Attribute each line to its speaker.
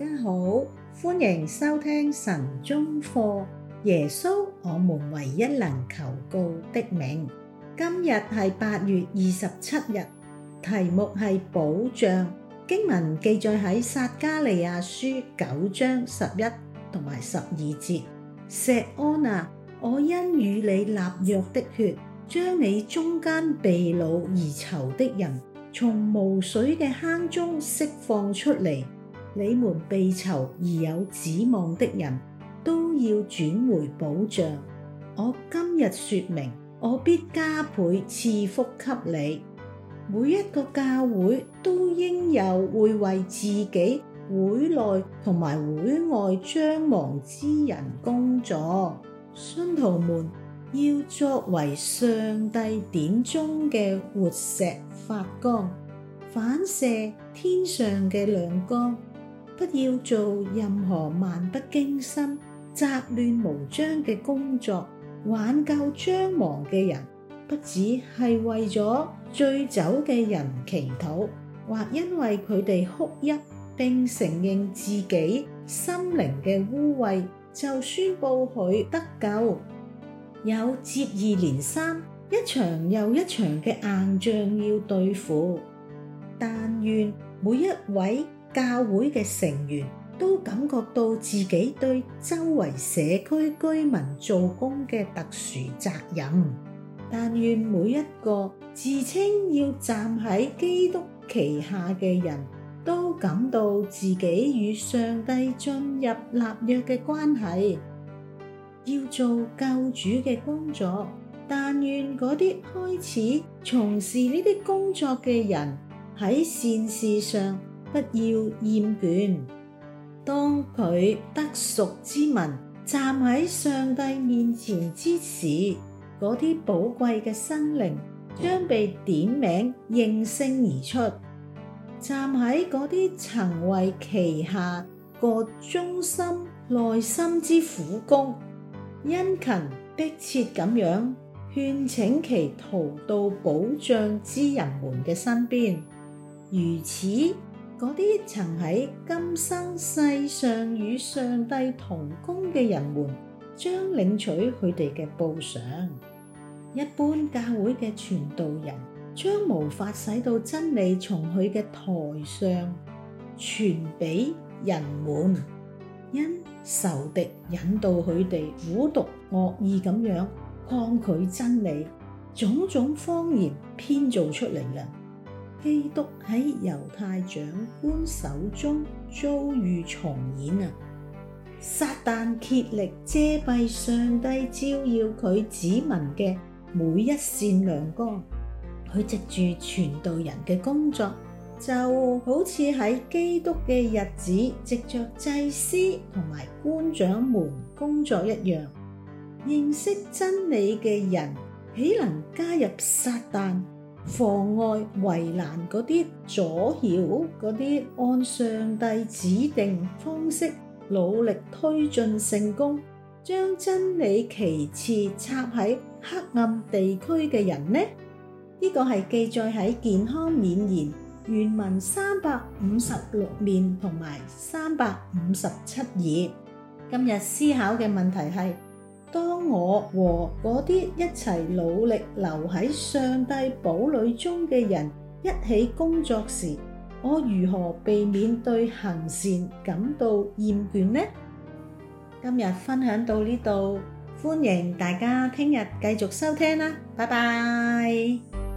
Speaker 1: 大家好，歡迎收聽神中課。耶穌，我們唯一能求告的名。今日係八月二十七日，題目係保障。經文記載喺撒加利亞書九章十一同埋十二節。錫安哪，我因與你立約的血，將你中間被擄而囚的人從無水嘅坑中釋放出嚟。你們被囚而有指望的人，都要轉回保障。我今日説明，我必加倍賜福給你。每一個教會都應有會為自己會內同埋會外將亡之人工作。信徒們要作為上帝殿中嘅活石發光，反射天上嘅亮光。不要做任何漫不經心、雜亂無章嘅工作，挽救將亡嘅人，不止係為咗醉酒嘅人祈禱，或因為佢哋哭泣並承認自己心靈嘅污穢，就宣布佢得救。有接二連三、一場又一場嘅硬仗要對付，但願每一位。教會嘅成員都感覺到自己對周圍社區居民做工嘅特殊責任。但願每一個自稱要站喺基督旗下嘅人都感覺到自己與上帝進入立約嘅關係，要做救主嘅工作。但願嗰啲開始從事呢啲工作嘅人喺善事上。不要厭倦。當佢得贖之民站喺上帝面前之時，嗰啲寶貴嘅生靈將被點名應聲而出。站喺嗰啲曾為其下過忠心內心之苦功、殷勤迫切咁樣勸請其逃到保障之人們嘅身邊。如此。嗰啲曾喺今生世上與上帝同工嘅人們，將領取佢哋嘅報償。一般教會嘅傳道人，將無法使到真理從佢嘅台上傳俾人們，因仇敵引導佢哋苦毒惡意咁樣抗拒真理，種種謊言編造出嚟啦。基督喺猶太長官手中遭遇重演啊！撒旦竭力遮蔽上帝照耀佢子民嘅每一線亮光，佢藉住傳道人嘅工作，就好似喺基督嘅日子藉着祭司同埋官長們工作一樣。認識真理嘅人豈能加入撒旦？妨礙、圍攔、嗰啲阻撓、嗰啲按上帝指定方式努力推進成功，將真理其次插喺黑暗地區嘅人呢？呢、呢個係記載喺《健康勉言》原文三百五十六面同埋三百五十七頁。今日思考嘅問題係：當我和嗰啲一齊努力留喺上帝堡壘中嘅人一起工作時，我如何避免對行善感到厭倦呢？今日分享到呢度，歡迎大家聽日繼續收聽啦，拜拜。